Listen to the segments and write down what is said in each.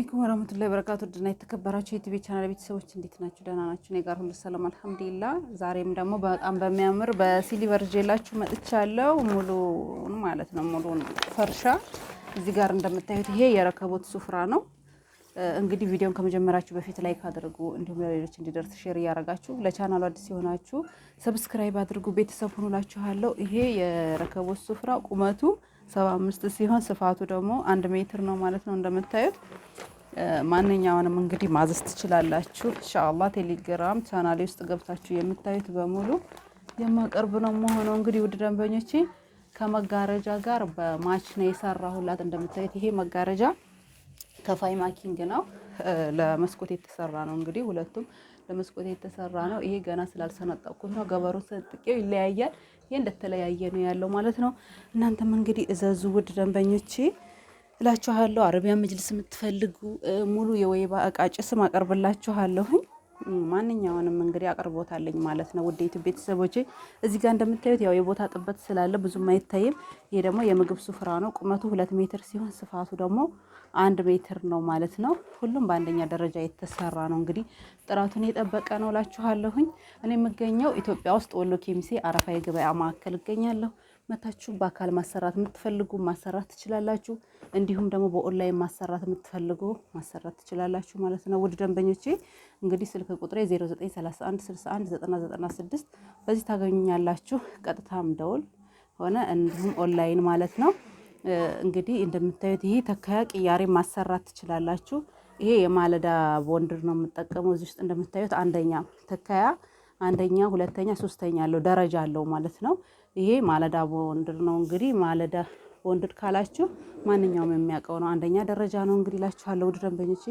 አለይኩም ወራህመቱላሂ ወበረካቱ ድና የተከበራችሁ የዩቲዩብ ቻናል ቤተሰቦች እንዴት ናችሁ? ደህና ናችሁ? እኔ ጋር ሁሉ ሰላም አልሐምዱሊላ። ዛሬም ደግሞ በጣም በሚያምር በሲሊቨር ጄላችሁ መጥቻለሁ። ሙሉን ማለት ነው ሙሉን ፈርሻ እዚህ ጋር እንደምታዩት ይሄ የረከቦት ሱፍራ ነው። እንግዲህ ቪዲዮን ከመጀመራችሁ በፊት ላይክ አድርጉ፣ እንዲሁም ለሌሎች እንዲደርስ ሼር እያደረጋችሁ ለቻናሉ አዲስ የሆናችሁ ሰብስክራይብ አድርጉ። ቤተሰብ ሁኑላችኋለሁ። ይሄ የረከቦት ሱፍራ ቁመቱ ሰባ አምስት ሲሆን ስፋቱ ደግሞ አንድ ሜትር ነው ማለት ነው እንደምታዩት ማንኛውንም እንግዲህ ማዘዝ ትችላላችሁ። ኢንሻአላህ ቴሌግራም ቻናሌ ውስጥ ገብታችሁ የምታዩት በሙሉ የማቀርብ ነው መሆነው። እንግዲህ ውድ ደንበኞቼ ከመጋረጃ ጋር በማች ነው የሰራሁላት። እንደምታዩት ይሄ መጋረጃ ከፋይ ማኪንግ ነው፣ ለመስኮት የተሰራ ነው። እንግዲህ ሁለቱም ለመስኮት የተሰራ ነው። ይሄ ገና ስላልሰነጠቅኩት ነው። ገበሮ ሰንጥቄው ይለያያል። ይሄ እንደተለያየ ነው ያለው ማለት ነው። እናንተም እንግዲህ እዘዙ ውድ ደንበኞቼ እላችኋለሁ። አረቢያ መጅልስ የምትፈልጉ ሙሉ የወይባ እቃ ጭስም አቀርብላችኋለሁኝ። ማንኛውንም እንግዲህ አቅርቦታለኝ ማለት ነው። ውድ ዩቱብ ቤተሰቦቼ እዚህ ጋር እንደምታዩት ያው የቦታ ጥበት ስላለ ብዙም አይታይም። ይሄ ደግሞ የምግብ ስፍራ ነው። ቁመቱ ሁለት ሜትር ሲሆን ስፋቱ ደግሞ አንድ ሜትር ነው ማለት ነው። ሁሉም በአንደኛ ደረጃ የተሰራ ነው። እንግዲህ ጥራቱን የጠበቀ ነው እላችኋለሁኝ። እኔ የምገኘው ኢትዮጵያ ውስጥ ወሎ ኬሚሴ አረፋ የገበያ ማዕከል እገኛለሁ። መታችሁ በአካል ማሰራት የምትፈልጉ ማሰራት ትችላላችሁ። እንዲሁም ደግሞ በኦንላይን ማሰራት የምትፈልጉ ማሰራት ትችላላችሁ ማለት ነው። ውድ ደንበኞቼ እንግዲህ ስልክ ቁጥሬ 0931619096 በዚህ ታገኙኛላችሁ። ቀጥታም ደውል ሆነ እንዲሁም ኦንላይን ማለት ነው። እንግዲህ እንደምታዩት ይሄ ተካያ ቅያሬ ማሰራት ትችላላችሁ። ይሄ የማለዳ ቦንድር ነው የምጠቀመው። እዚህ ውስጥ እንደምታዩት አንደኛ ተካያ አንደኛ፣ ሁለተኛ፣ ሶስተኛ ያለው ደረጃ አለው ማለት ነው። ይሄ ማለዳ በወንድር ነው እንግዲህ ማለዳ ወንድድ ካላችሁ ማንኛውም የሚያውቀው ነው። አንደኛ ደረጃ ነው እንግዲህ እላችኋለሁ ውድ ደንበኞቼ።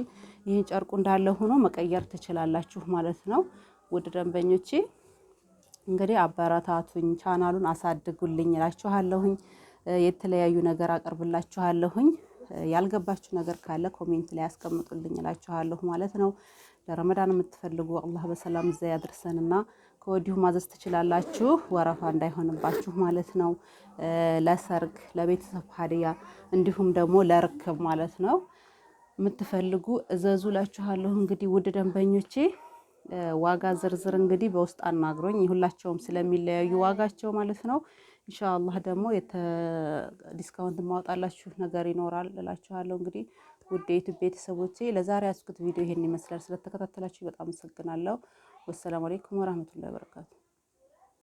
ይህን ጨርቁ እንዳለ ሆኖ መቀየር ትችላላችሁ ማለት ነው ውድ ደንበኞቼ። እንግዲህ አበረታቱኝ፣ ቻናሉን አሳድጉልኝ ላችኋለሁኝ። የተለያዩ ነገር አቅርብላችኋለሁኝ። ያልገባችሁ ነገር ካለ ኮሜንት ላይ ያስቀምጡልኝ እላችኋለሁ ማለት ነው። ለረመዳን የምትፈልጉ አላህ በሰላም እዛ ያድርሰንና ከወዲሁ ማዘዝ ትችላላችሁ፣ ወረፋ እንዳይሆንባችሁ ማለት ነው። ለሰርግ፣ ለቤተሰብ ሀዲያ እንዲሁም ደግሞ ለርክብ ማለት ነው የምትፈልጉ እዘዙ እላችኋለሁ። እንግዲህ ውድ ደንበኞቼ ዋጋ ዝርዝር እንግዲህ በውስጥ አናግሮኝ ሁላቸውም ስለሚለያዩ ዋጋቸው ማለት ነው ኢንሻአላህ ደግሞ ዲስካውንት ማወጣላችሁ ነገር ይኖራል እላችኋለሁ። እንግዲህ ውድ የዩቲዩብ ቤተሰቦቼ ለዛሬ ያስኩት ቪዲዮ ይሄን ይመስላል። ስለተከታተላችሁ በጣም አመሰግናለሁ። ወሰላሙ አሌይኩም ወራህመቱላሂ ወበረካቱ።